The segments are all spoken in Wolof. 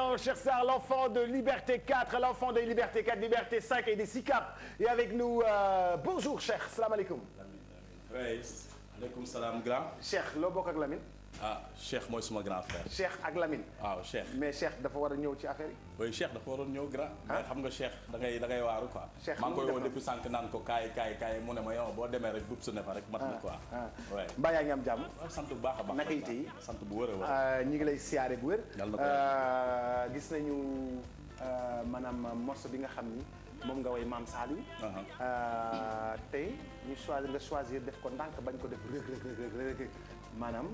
non, cher Sarr, l'enfant de Liberté 4, l'enfant des Liberté 4, Liberté 5 et des SICAP. Et avec nous, euh, bonjour, cher. Salam salam, grand. Cher, lo bokk ah Cheikh mooy suma grand frère. Cheikh ak lamin waaw Cheikh mais Cheikh dafa war a ñëw ci affaire yi. oui Cheikh dafa waroon ñëw grand. Ah. mais xam nga Cheikh dangay da ngay waaru quoi. Cheikh maa ngi koy woo depuis ko kaay kaay kaay mu ne ma yow boo demee rek dugub su ne fa rek. mat na quoi ah, ah. oui. mbaa yaa ngi am jàmm. sant bu baax a baax naka yi sant bu wër a wër. ñu ngi lay siyaare bu wër. gis nañu maanaam morceau bi nga xam ni. moom nga way maam Saliou. Uh-huh. Euh, tey ñu choisir nga choisir def ko ndànk bañ ko def rëg rëg rëg maanaam.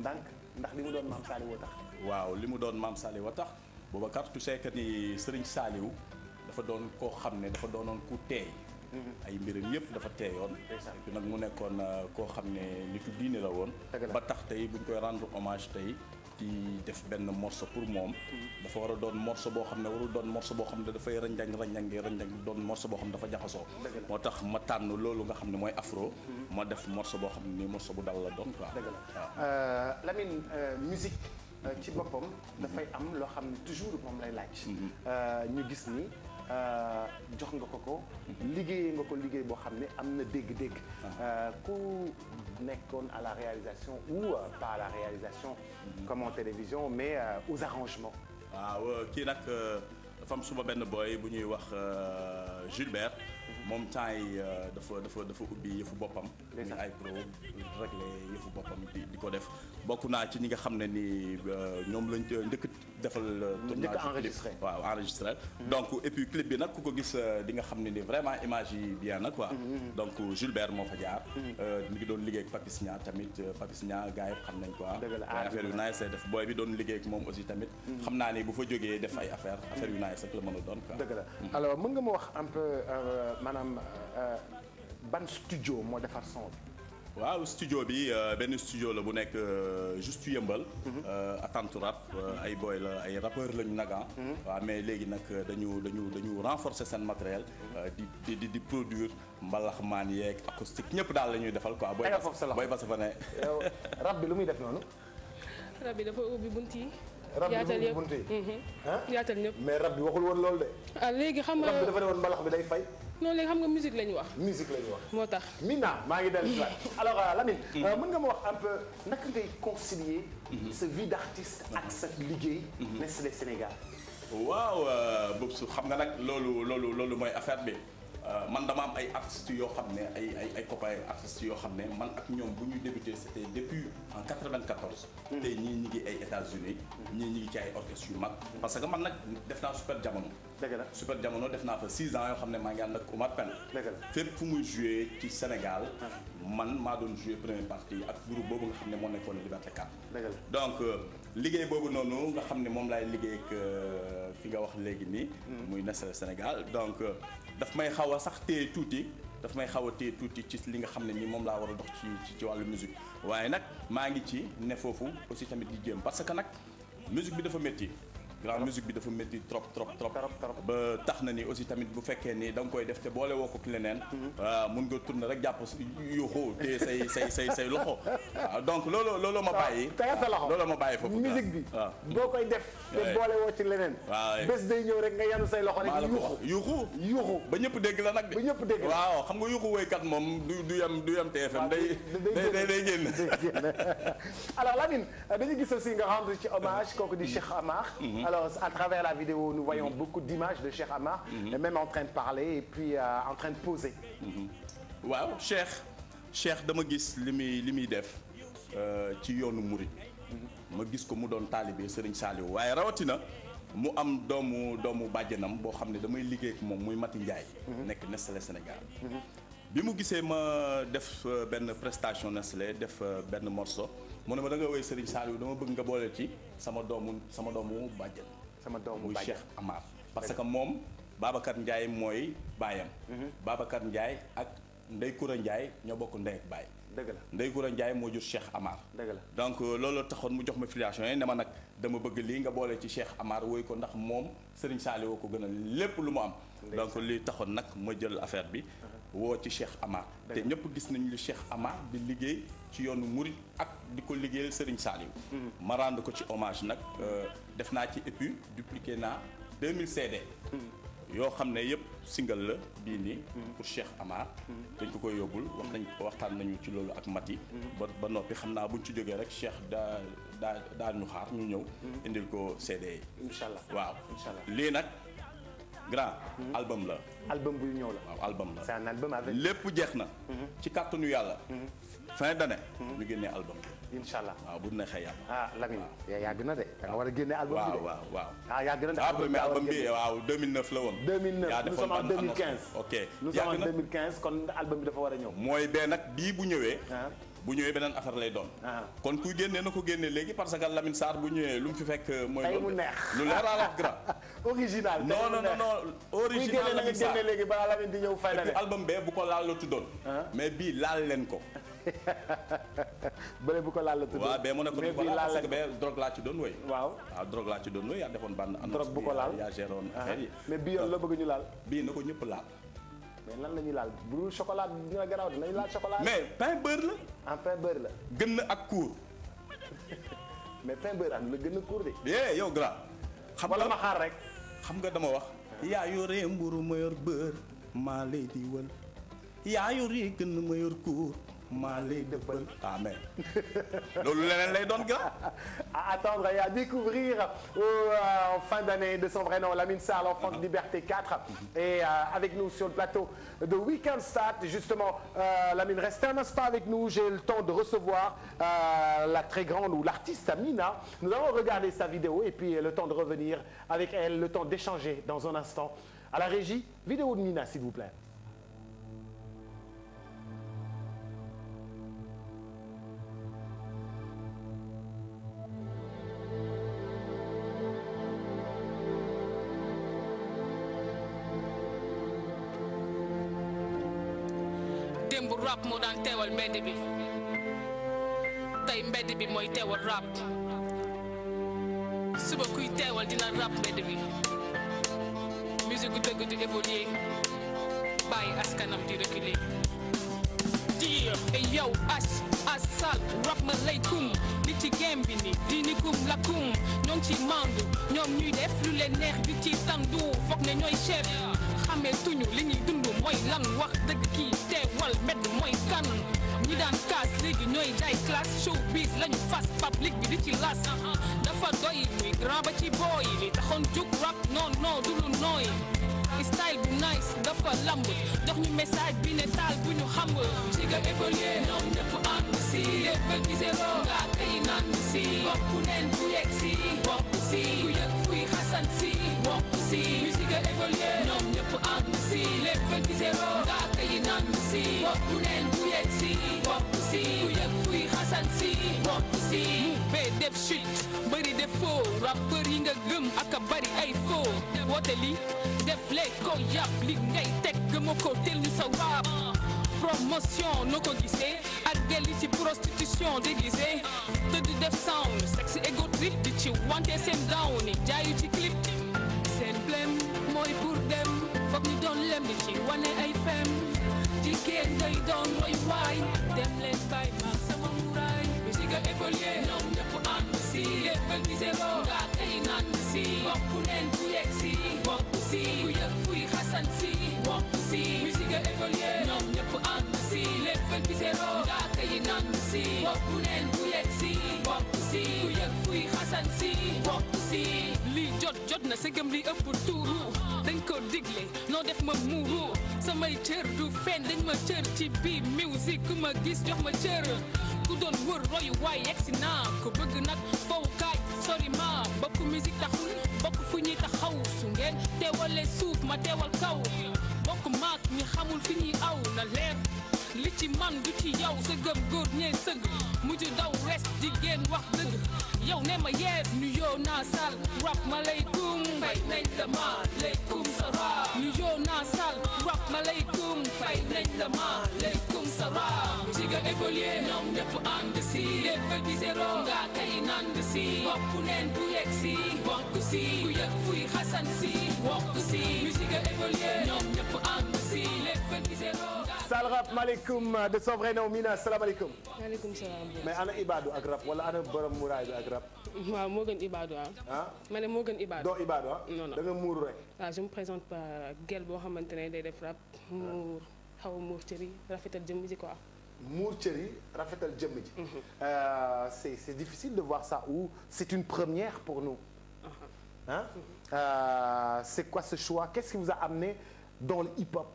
ndànk ndax li mu doon maam Saliou wa tax. waaw li mu doon maam Saliou wa booba Boubacar tu sais que ni Serigne Saliou dafa doon koo xam ne dafa doonoon ku teey. Mm-hmm. ay mbiram yëpp dafa teeyoon. nag mu nekkoon euh, koo xam ne nitu diine la woon. ba tax tey buñ koy rendre hommage tey. di def benn morceau pour moom dafa war a doon morceau boo xam ne warul doon morceau boo xam ne dafay rënjang rënjang rënjang doon morceau boo xam ne dafa jaxasoo moo tax ma tànn loolu nga xam ne mooy afro hmm. ma def morceau boo xam ne nii morceau bu dal la doon quoi waaw euh, Lamine euh, musique euh, ci boppam dafay am loo xam ne toujours moom lay laaj hmm. ñu gis ni Euh, jox nga ko ko mhm. liggéeyee nga ko liggéey boo xam ne am na dégg-dégg ah. euh, ku nekkoon à la réalisation ou euh, pas à la réalisation mhm. comme en télévision mais aux arrangements waaw kii nag dafa am suma benn boy bu ñuy wax Gilbert moom temps euh, yi dafa dafa dafa ubbi yëfu boppam. ni ay réglé yëfu boppam di ko def bokk naa ci ñi nga xam ne ni euh, ñoom lañ njëkk defal. Euh, njëkk a enregistré waaw enregistré. Mm-hmm. donc et clip bi nag ku ko gis di nga xam ne ni vraiment image yi bien na quoi. Mm-hmm. donc Gilbert moo fa jaar. Mm-hmm. mi ngi doon liggéey ak Papis Nia tamit Papis Nia gars yi xam nañ quoi. dëgg ah, affaire yu nice def booy bi doon liggéey ak moom aussi tamit. xam naa ni bu fa jógee def ay affaire affaire yu nice rek la mën a doon quoi. maanaam euh, ban studio moo defar son bi. waaw studio bi euh, benn studio la bu nekk euh, juste yëmbal. Mhm. attente rap ay boy la ay rappeur lañu naga. Ah. Mhm. waaw mais léegi nag dañu dañu dañu renforcer seen matériel. Mhm. di di di produire mbalax maan yeeg acoustique ñëpp daal la ñuy defal quoi. booy bas booy bas fa ne. rap bi lu muy def noonu. rap bi dafa ubbi bunt yi. yaatal yëpp rab yi bunt mhm. yaatal ñëpp mais rab bi waxul woon loolu de. ah léegi xam nga rab bi dafa woon mbalax bi day fay. non léegi xam nga musique la wax. musique la wax. moo tax Mina maa ngi dellu si waat alors euh, Lamine. Mm-hmm. Euh, mën nga ma wax un peu naka ngay concilier. Mm-hmm. sa vie d'artiste ak sa liggéey. Mm-hmm. Nestlé Sénégal. waaw euh, Boubacar xam nga nag loolu loolu loolu mooy affaire bi. Euh, man dama am ay artistes yoo xam ne ay ay ay copains artistes yoo xam ne man ak ñoom bu ñu débuté c' était depuis en 94. Hmm. tey ñii ñi ngi ay États-Unis hmm. ñii ñi ngi ci ay orchestre yu mag. Hmm. parce que man nag def naa super jamono. dëgg la super jamono def naa fa six ans yoo xam ne maa ngi ànd ak Omar Pène dëgg la fépp fu muy joué ci Sénégal ah. man maa doon joué première partie ak groupe boobu nga xam ne moo nekkoon Liberté 4 dëgg la donc euh, liggéey boobu noonu nga xam ne moom laay liggéey ak euh, fi nga wax léegi nii hmm. muy Nestlé Sénégal donc euh, daf may xaw a sax téye tuuti daf may xaw a téye tuuti ci li nga xam ne nii moom laa war a dox ci ci wàllu musique waaye nag maa ngi ci ne foofu aussi tamit di jéem parce que nag musique bi dafa métti grande musique bi dafa métti trop trop trop ba tax na ni aussi tamit bu fekkee nii danga koy def te boole woo ko ki leneen mhm. ah, mun nga tourner rek jàpp yuuxu te say say say loxo waaw ah, donc loolu loolu ma bàyyi ah, tegal sa loxo loolu ma bàyyi foofu musique bi boo koy def te boole woo ci leneen waaw bés day ñëw rek nga yanu say loxo rek yuuxu yuuxu yuuxu ba ñëpp dégg la nag de ba ñëpp dégg waaw xam nga yuuxu woykat moom du du yem du yem TFM day day day génn alors Lamine dañu gis aussi nga kooku di mm-hmm. Cheikh Amar mm-hmm. Alors, à travers la vidéo, nous voyons mm -hmm. beaucoup d'images de Cheikh Amar, mm en train de parler et euh, en train de poser. Mhm. waaw Cheikh Cheikh dama gis li muy li muy def euh, ci yoonu Mouride. Mhm. ma gis ko mu doon taalibe Serigne Saliou waaye rawatina. mu am doomu doomu bàjjanam boo xam ne damay liggéey ak moom muy Mati Ndiaye. Mhm. nekk Nestlé Sénégal. bi mu gisee ma def euh, benn prestation Nestlé def benn morceau. mu ne ma da nga woy Serigne Saliou dama bëgg nga boole ci sama doomu sama doomu bàjjen. sama doomu muy Cheikh parce que moom baabakat Ndiaye mooy baayam. Mhm. Babacar Ndiaye ak Ndey Koura njaay ñoo bokk ndey ak baay. dëgg la Ndey Koura njaay moo jur Cheikh Amar. dëgg donc euh, looloo taxoon mu jox ma filiation yi ne ma nag dama bëgg lii nga boole ci Cheikh Amar woy ko ndax moom Serigne Saliou ko gën a lépp lu mu am. donc lii taxoon nag ma jël affaire bi. Ah. woo ci Cheikh Amar te ñëpp gis nañu li Cheikh Amar di liggéey ci yoonu murit ak di ko liggéeyal Serigne Saliou ma rendre ko ci hommage nag euh, def naa ci et puis dupliqué naa 2000 CD yoo xam ne yëpp single la bii nii pour Cheikh Amar dañ ko koy yóbbul wax nañ waxtaan nañu ci loolu ak Mati yi ba noppi xam naa buñ ci jógee rek Cheikh daa daa daa ñu xaar ñu ñëw indil ko CD yi incha allah waaw lii nag grand album la. album bu ñëw la. waaw album la c'est un lépp jeex na. Mhm. ci kàttanu yàlla. Mhm. fin d'année. Mhm. ñu génnee album. incha allah waaw bu neexee yàlla. ah yàgg na de da war a génne album bi de. waaw waaw ah yàgg na de. ah premier album bi la woon. 2009 yaa defoon ban annonce ok. yàgg na nous sommes kon album bi dafa war a ñëw. mooy bee nag bii bu ñëwee. Ah. bu ñëwee beneen affaire lay doon. Ah. kon kuy génnee na ko génne léegi parce que Lamine saar bu ñëwee lu mu fi fekk. Euh, mooy lu neex lu leer ak grand. original non non non original Lamine Sarr kuy génne na nga génne léegi balaa Lamine di ñëw fay la album bee bu ko laal la tuddoon. Ah. mais bii laal leen ko. bële bu ko laal la tuddoon waaw bee mu ne ko du ko bee drogue laa ci doon woy. waaw waaw ah, drogue laa ci doon woy yaa defoon bànn annonce. drogue bu ko laal yaa géroon affaire mais bii yoon la bëgg ñu laal. bii na ko ñëpp laal. mais lan la ñuy laal bu dul chocolat bi dina garaaw dinañ mais pain bër la. ah pain beurre la. gën ak court. mais pain beurre am la gën a court de. eh yow grand. xam nga wala ma xaar rek. xam nga dama wax. yaa yore mburu ma yor beurre maa lay di wël yaa yore gën ma yor maa lay defal amen ah, loolu leneen lay doon grand. Ah, à euh, de son vrai nom Lamine Sarr l'enfant de ah. Liberté 4 mm-hmm. et euh, avec nous sur le plateau de Weekend Start justement euh, Lamine restez un instant avec nous j'ai le temps de recevoir la très grande ou l'artiste Amina nous allons regarder sa vidéo et le temps de revenir avec elle le temps d'échanger dans un instant à la régie vidéo de Mina s'il vous plaît bu rap moo daan teewal mbedd bi tey mbedd bi mooy teewal rap suba kuy teewal dina rap mbedd bi musique gu dëgg di évoluer bàyyi di reculer diir et yow as asal rap ma lay kum li ci game bi ni dini la kum ñoo ngi ci mandu ñoom ñuy def lu leen neex bi ci tàndu foog ne ñooy chef xamee tuñu li ñuy dund mooy lan wax dëgg kii teewal mbedd mooy kan ñi daan kaas léegi ñooy jaay classe showbiz lañu fas public bi di ci las uh-huh. dafa doy muy grand ba ci booy li taxoon jug rap non non du lu nooy style bu nice dafa lamb jox ñu message bi ne taal bu ñu xam ci ga évoluer ñoom ñëpp ànd si yëpp gisee loo nga kay naan si bopp neen bu yegg si bopp si sant si mokk si musique évolué ñoom ñëpp ànd si lépp di zéro gaaka yi naan si bopp neen bu yegg si bopp si ku yëg fuy xasan be def chute bëri def faux rappeur yi nga gëm ak bari ay faux woote li def lee ko yàpp li ngay teg gëmoo ko tel ñu sa promotion noo ko gisee ak geli ci prostitution déguisée te di def sound sexe ego di ci wante seen down ni jaayu ci clip seen blème mooy pour dem foog ñu doon lem di ci wane ay fem jigéen day doon roy waay dem leen bay sama muraay musique écolier ñoom ñëpp ànd si lépp a giseloo ngaa tey naan si neen bu yegg si bokku si ku yëg fuy xasan si bokku si musique évolué si lépp a giseloo ngaa neen bu yegg si bokku si ku yëg jot jot na segam li ëpp tuuru dañ ko digle noo def ma muuru samay cër du fen dañ ma cër ci bii musique ku ma gis jox ma cër ku doon wër royu waay yegsi naa ko bëgg nag fow kaaj sori ma bokk musique taxul bokk fu ñuy taxaw su ngeen teewalee suuf ma teewal kaw bokk maak mi xamul fi ñuy aw na leer li ci man du ci yow sa gëm ñee sëgg mujj daw res jigéen wax dëgg yow ne ma yees nu yoo naa sal rap ma laykum fay nañ la ma laykum sa rap nu yoo naa sal rap ma laykum fay nañ la ma laykum sa rap ci ga écolier ñoom ñëpp neen bu yegg si bokk si ku yëg fuy xasan si bokk si musique Sal rap maaleykum euh, de Sovreno Mina salaamaaleykum. maaleykum salaam. mais ana Ibadu ak rap wala ana borom muraay bi ak rap. waaw moo gën Ibadu ah. ah ma ne moo gën Ibadu. doo Ibadu ah. non non da nga muur rek. waaw je me présente par gel boo xamante ne day def rap muur xaw muur cëri rafetal jëmm ji quoi. muur cër yi rafetal jëmm ji. Mhm. Euh, c'est c'est difficile de voir ça ou c'est une première pour nous. ah. Euh, c'est quoi ce choix qu'est-ce qui vous a amené dans le hip-hop.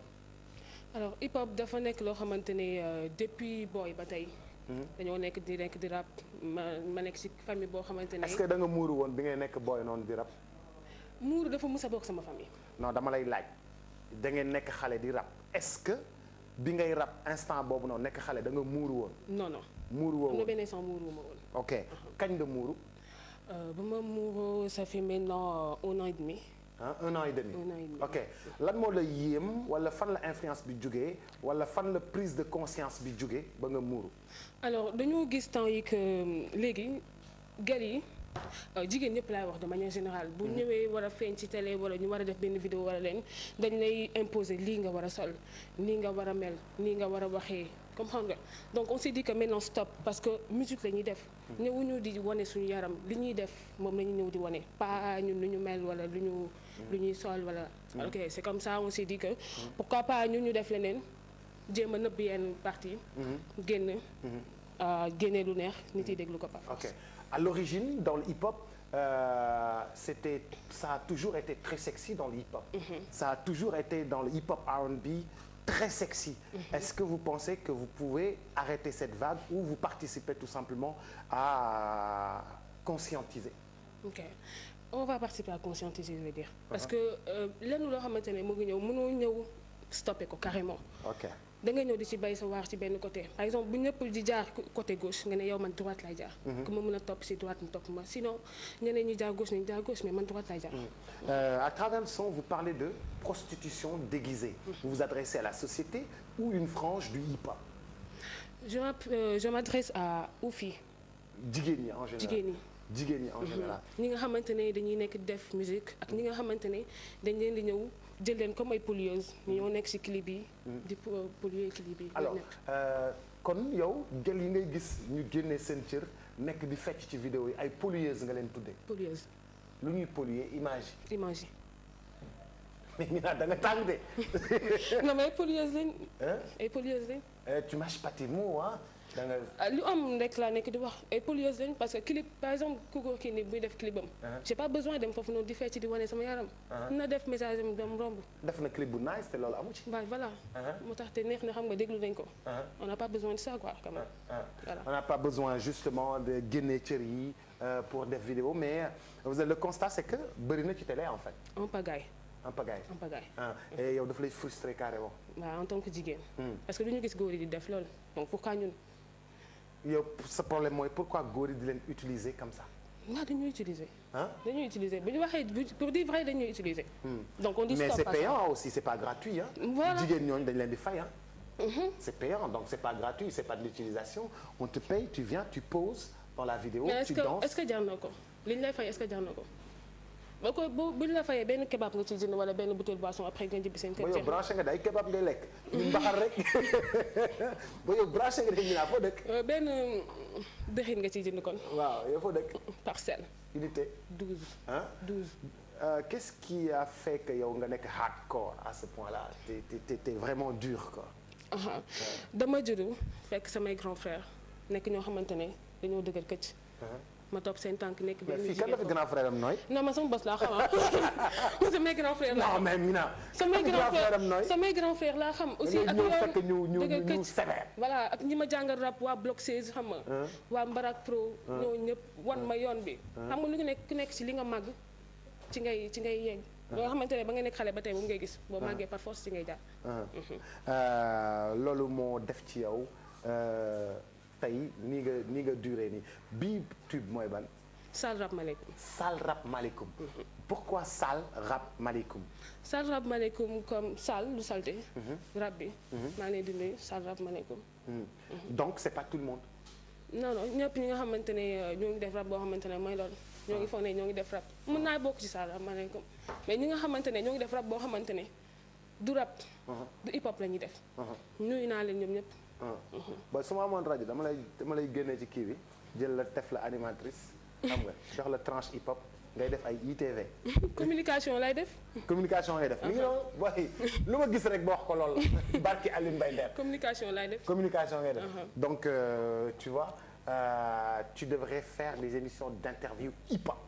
alors hip hop dafa nekk loo xamante ni euh, depuis booy ba tey. Hmm? dañoo nekk di nekk di rap ma ma nekk ci famille boo xamante ne. est-ce que danga nga muuru woon bi ngay nekk booy noonu di rap. muuru dafa mus a bokk sama famille. non dama lay laaj da ngeen nekk xale di rap est-ce que bi ngay rap instant boobu noonu nekk xale da nga muuru woon. non non muuru woo woon benn instant muuru ma woon. ok uh-huh. kañ nga muuru. Euh, ba ma muuroo ça fait maintenant euh, un an et ah un an et lan moo la yéem wala fan la influence bi jógee wala fan la prise de conscience bi jógee ba nga muuru. alors dañoo gis temps yi que euh, léegi gel yi. Euh, jigéen ñëpp lay wax de manière générale bu mm-hmm. ñëwee war a feeñ ci tele wala ñu war a def benn vidéo wala leen dañ lay imposer lii nga war a sol nii nga war a mel nii nga war a waxee comprendre nga donc on s'est dit que maintenant stop parce que musique la ñuy def ñëwuñu di wane suñu yaram li ñuy def moom la ñuy ñëw di wane pas ñun lu ñu mel wala lu ñu lu ñuy sol wala mm. ok c'est comme ça on s'est dit que pourquoi pas ñun ñu def leneen jéem a nëbb yenn partie mm-hmm. génn mm-hmm. Ah, génne lu neex nit yi mm-hmm. déglu ko par force ok à l'origine dans le hip-hop Euh, c'était ça a toujours été très sexy dans le hop Mm a toujours été dans le hip-hop R&B très sexy. Mhm. Est-ce que vous pensez que vous pouvez arrêter cette vague ou vous participez tout simplement à conscientiser ok on va participer à conscientiser je veux dire. parce uh-huh. que euh, lenn loo xamante ne mu ngi ñëw mënoo ñëw stoppé ko carrément. da ñëw di ci bay sa waar ci benn côté par exemple bu ñëpp di jaar côté gauche nga ne yow man droite lay jaar. Mhm. ku ma mën a topp si droite mu topp ma sinon ñeneen ñi jaar gauche ñu jaar gauche mais man droite lay jaar. Mhm. Euh, à travers son vous parlez de prostitution déguisée. Mhm. vous vous adressez à la société ou une frange du hip-hop. je euh, je m'adresse à Oufi. jigéen ñi en général jigéen ñi. jigéen ñi en ñi nga xamante ne dañuy nekk def musique ak ñi nga xamante ne dañ leen di ñëw. jël leen comme ay polieuse ñoo nekk ci clip yi. di polier clip yi. alors euh, kon yow gel yi ngay gis ñu génnee seen cër nekk di fecc ci vidéo yi ay polieuse nga leen tuddee. polieuse. lu ñuy polier image yi. image yi. mais ñu naan da tàng de. non mais ay polieuse lañ. ay polieuse lañ. Euh, tu mâches pas tes mots Ah, lu am rek laa nekk di wax parce que clip par exemple ku góor kii nii buy def clip am uh-huh. pas besoin dem foofu noonu di fecc di wane sama yaram uh-huh. na def message dem romb def na clip bu nice te loolu amu ci voilà uh-huh. moo tax te neex na xam nga déglu nañ ko on n'a pas besoin de ça quoi quand on n'a pas besoin justement de génne euh, pour def vidéo mais vous avez le constat c'est que bëri na ci télé en fait en pagaille en pagaille en pagaille ah et yow en tant que yow euh, sa problème mooy pourquoi góor yi di leen utiliser comme ça. waaw dañuy utiliser. ah dañuy utiliser bu ñu waxee pour dire vrai dañuy utiliser. Hmm. donc on dit mais c'est payant aussi c'est pas gratuit ah. voilà jigéen ñooñu dañ leen di fay ah. c'est payant donc c'est pas gratuit c'est pas de l'utilisation on te paye tu viens tu poses dans la vidéo. tu danses mais est-ce que est-ce que jar na ko li ñu lay fay est-ce que jar na ko. ba ko bu buñ la fayee benn kebab nga ci jënd wala benn bouteille boisson après nga jibbi seen kër. ba yow branché nga day kebab ngay lekk. ñu mbaxal rek ba yow branché nga dégg naa foo dëkk. Euh, benn mm, dëxin nga ci jënd kon. waaw yow foo dëkk. parcelle. unité. 12 ah 12. Euh, qui a fait que yow nga nekk hardcore à ce point-là t'es t'es t'es vraiment dur quoi. dama juddu fekk samay grands frères nekk ñoo xamante ne dañoo dëgër këcc. ma topp seen tànk nekk benn jigéen mais fii kan la fi grand frère am nooy. non man sama bos laa xam ah. laa xam non mais Mina. samay grand frère am nooy samay grand frère laa xam. aussi ak yow fekk ñu ñu ñu wan ma yoon bi. xam nga lu nekk ku nekk ci li nga màgg ci ngay ci ngay yegg. loo xamante ne ba nga nekk xale ba tey moom ngay gis. boo màggee par force ci ngay jaar. Mhm. Euh, loolu moo def ci yow. Euh, tey nii nga nii nga duré nii bii tube mooy ban. Sal Rap Malekum. Sal Rap Malekum. Mm-hmm. pourquoi Sal Rap Malekum. Sal Rap Malekum comme Sal du salté. Mm-hmm. rab bi. Mm-hmm. maa ngi lay dindi Sal Rap Malekum. donc c'est pas tout le monde. non non ñëpp ñi nga xamante ne euh, ñoo ngi def rab boo xamante ne mooy loolu. ñoo ngi ah. foog ne ñoo ngi def rap mën naa bokk ci Sal Rap Malekum mais ñi nga xamante ne ñoo ngi def rab boo xamante ne du rap. Uh-huh. du hip hop la ñuy def. Uh-huh. nuyu naa leen ñoom ñëpp. Mm. ba su ma amoon rajo dama lay dama lay génnee ci kii bi jël la tef la animatrice xam nga jox la tranche hip hop ngay def ay ITV. communication lay def. communication lay def mi ngi ah, noonu ma gis rek ba wax ko lool la barki Aline Mbaye Nder. communication lay def communication ngay def. Uh-huh. donc euh, tu vois euh, tu devrais faire des émissions d'interview hip hop.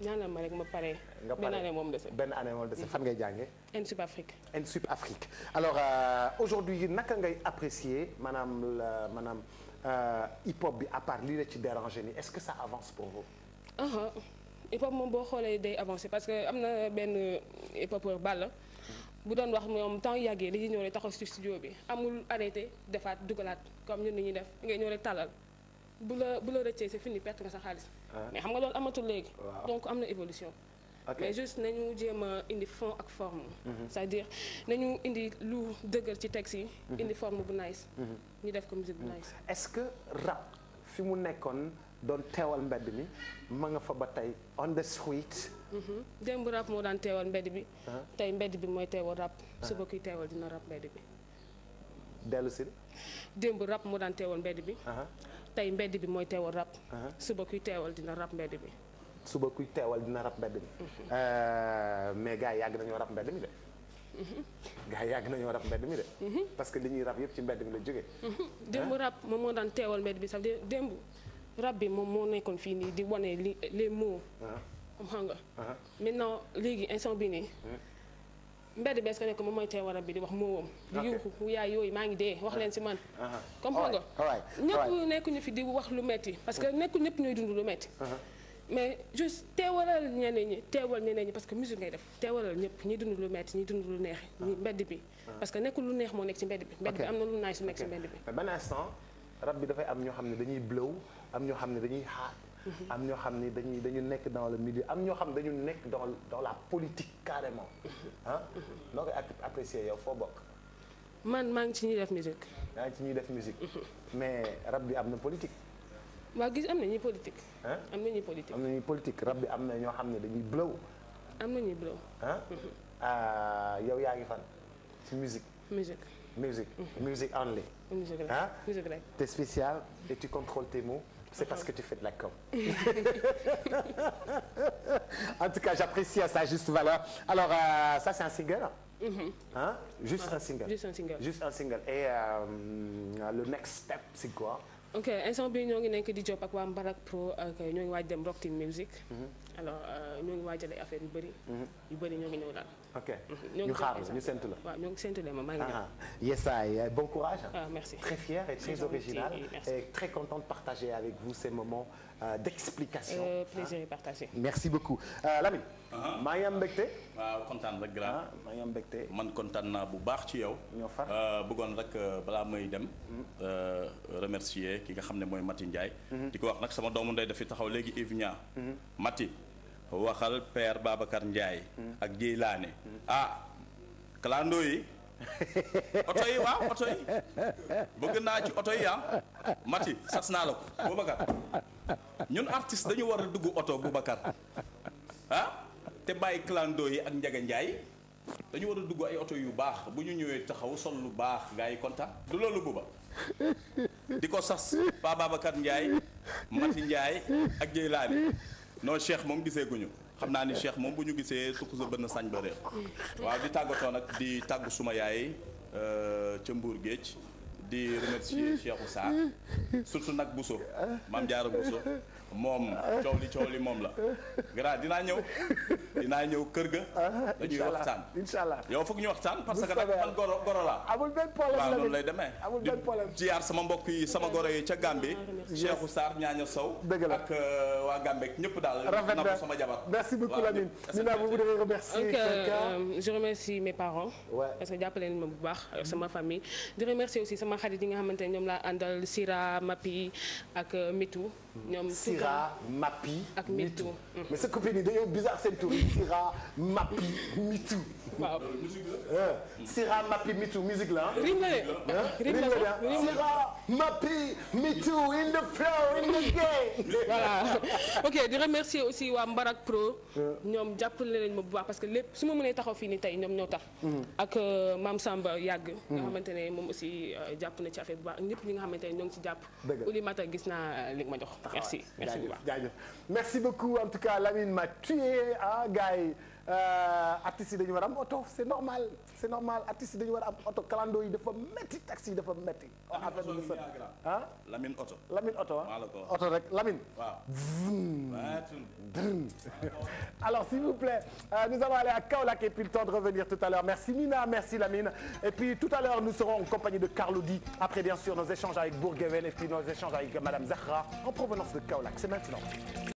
ñaanal ma rek ma pare. nga pare benn année moom dese. benn année moom dese fan ngay jàngee. N Sup Afrique. N Sup Afrique alors euh, aujourd'hui naka ngay apprécier maanaam la maanaam euh, hip hop bi à part lii la ci déranger nii est-ce que ça avance pour vous. Uh -huh. hip hop moom boo xoolee day avancé parce que am na benn hip hopeur Balla bu doon wax moom temps yàggee dañuy ñëw rek taxaw ci studio bi amul arrêté defaat dugalaat comme ñun ni ñuy def ngay ñëw rek tàllal bu la bu la rëccee c'est fini perte nga sa xaalis. Ah. mais xam nga loolu amatul léegi. donc am na évolution. mais juste nañu jéem indi fond ak forme. Mhm. cest dire nañu indi lu dëgër ci tex yi. Mhm. indi forme bu nice. Mhm. ñu def ko musique bu nice. est-ce que rap fi mu nekkoon doon teewal mbedd mi ma nga fa ba tey on the street. démb rap moo daan teewal mbedd bi. Ah. tey mbedd bi mooy teewal rap. Ah. suba kuy teewal dina rap mbedd bi. dellu si. démb rap moo daan teewal mbedd bi. tey mbedd bi mooy teewal rab. Uh-huh. suba kuy teewal dina rab mbedd bi. suba kuy teewal dina rab mbedd bi. Mm-hmm. Euh, mais gars yi yàgg nañoo rab mbedd mi de. Mm-hmm. gars mm-hmm. parce que li ñuy rab yëpp ci mbedd mi la jógee. démb rab moom moo daan teewal mbedd bi sax démb rab bi moom moo nekkoon fii nii di wane li les mots. Uh-huh. xam nga. Uh-huh. léegi instant bi nii. mbedd bees ko nekk moom mooy tey waral bi di wax moo wam di yuuxu yaay yooyu maa ngi dee wax leen si man comprendre nga ñëpp nekk ñu fi di wax lu metti parce que nekku ñëpp ñooy dund lu metti mais juste teewalal ñeneen ñi teewal ñeneen parce que musique ngay def teewalal ñëpp ñi dund lu metti ñi dund lu neex ñi mbedd bi parce que nekkul lu neex moo nekk ci mbedd bi mbedd bi am na lu naay su nekk ci mbedd bi mais benn instant rab bi dafay am ñoo xam ne dañuy blow am ñoo xam ne dañuy xaar am ñoo xam ni dañuy dañu nekk dans le milieu am ñoo xam ne dañu nekk dans dans la politique carrément ah noo koy apprécier yow foo bokk man maa ngi ci def musique maa ngi ci ñuy def musique mhm. mais rab bi am na politique waa gis am na ñuy politique am na ñuy politique am na ñuy politique rab bi am na ñoo xam ne dañuy blow am na ñuy blow mhm. ah yow yaa ngi fan ci musique musique musique mhm. musique only musique rek te spécial et tu contrôles c'est parce que tu fais de la com. en tout cas, j'apprécie à sa juste valeur. Alors, euh, ça, c'est un single hein? Mm-hmm. Juste ah, un single. Juste un single. Et euh, le next step, c'est quoi instant bi ñoo ngi nekk di job ak waa Mbarak Pro ak ñoo ngi waaj dem Rock Team Music. Mm-hmm. alors euh, ñoo ngi waajale affaire yu bëri. Mm-hmm. yu bëri ñoo ngi ñëw daal. ok mhm. ñu xaar la ñu la. waaw ñoo ngi séntu leen ma maa ngi ah, ñëw. Yessaye euh, bon courage. ah merci très fière et très originale. et très content euh, euh, merci beaucoup Lamine. Ah. maa ngi kontaan rek grand. Ah, maa ngi am man kontaan naa bu baax ci yow. ñoo far bëggoon rek balaa mooy dem. Mm. remercier ki nga xam ne mooy Mati Ndiaye. Mm-hmm. di ko wax nag sama doomu ndey dafi taxaw léegi Yves Nia. Mm-hmm. Mati. waxal père Babacar Ndiaye. ak Jeylaane hmm. ah clando yi oto yi waaw oto yi bëgg naa ci oto yi ah Mati sas naa la ko Boubacar ñun artiste dañu war a dugg oto Boubacar ah te bàyyi clando yi ak Njaga Njaay dañu war a dugg ay oto yu baax bu ñu ñëwee taxaw sol lu baax gars yi kontaan du loolu buba di ko sas Pa Babacar Ndiaye Mati Ndiaye ak Jeylaane non Cheikh moom gisee guñu xam naa ni Cheikh moom bu ñu gisee suq sa bënn sañ ba réer waaw di tàggatoo nag di tàggu suma yaay euh, ca mbuur Géej di remercier Cheikhou Sarr surtout nag Bousso maam Diarra Bousso moom coow li coow li moom la. gara dinaa ñëw dinaa ñëw kër ga. Ah, dañuy waxtaan incha allah yow foog ñu waxtaan parce que nag man goro goro laa. amul benn problème waaw loolu sama mbokk yi sama goro yi ca Gambie. Ah, Cheikhou Sarr ñaaña Sow. dëgg la ak euh, waa Gambie ñëpp daal. rafet na sama jabar merci beaucoup Lamine. Nina vous voudrez remercier euh, euh, remercie mes parents. parce que jàppale nañu ma bu baax sama famille. di remercier aussi sama xarit yi nga xamante ne ñoom laa àndal Sira Mapi ak Mitou. Hmm. ñoom Sira Mapi Mitu mais sa copine yi dañoo bizarre seen tur yi Sira Mapi Mitu. waaw Sira Mapi Mitu musique la rime la de rime la de Sira Mapi Mitu in the flow in the game. voilà ok di remercier aussi waa Mbarak Pro. ñoom jàppale nañ ma bu baax parce que lépp su ma mënee taxaw fii nii tey ñoom ñoo tax. Hmm. ak euh, maam Samba yàgg. Hmm. nga xamante ne moom aussi euh, jàpp na ci affaire bu baax ak ñëpp ñi nga xamante ne ñoo ngi ci jàpp. dëgg la Oulimata gis naa euh, li nga ma jox merci. sëñ Tuubaa jaajëf merci beaucoup en tout cas Lamine m'a tué ah gars yi euh, artistes yi dañu war am oto c'est normal c' est normal artistes yi dañu war oto clando yi dafa metti taxi yi dafa oh, ah? oto. Lamine oto ah oto rek Lamine. waaw. alors s'il vous plaît euh, nous allons aller à Kaolack et puis le temps de revenir tout à l'heure merci Mina merci Lamine et puis tout à l'heure nous serons en compagnie de Carlou après bien sûr nos échanges avec Bourguevel et nos échanges avec Madame Zahra en provenance de Kaolack c'est maintenant.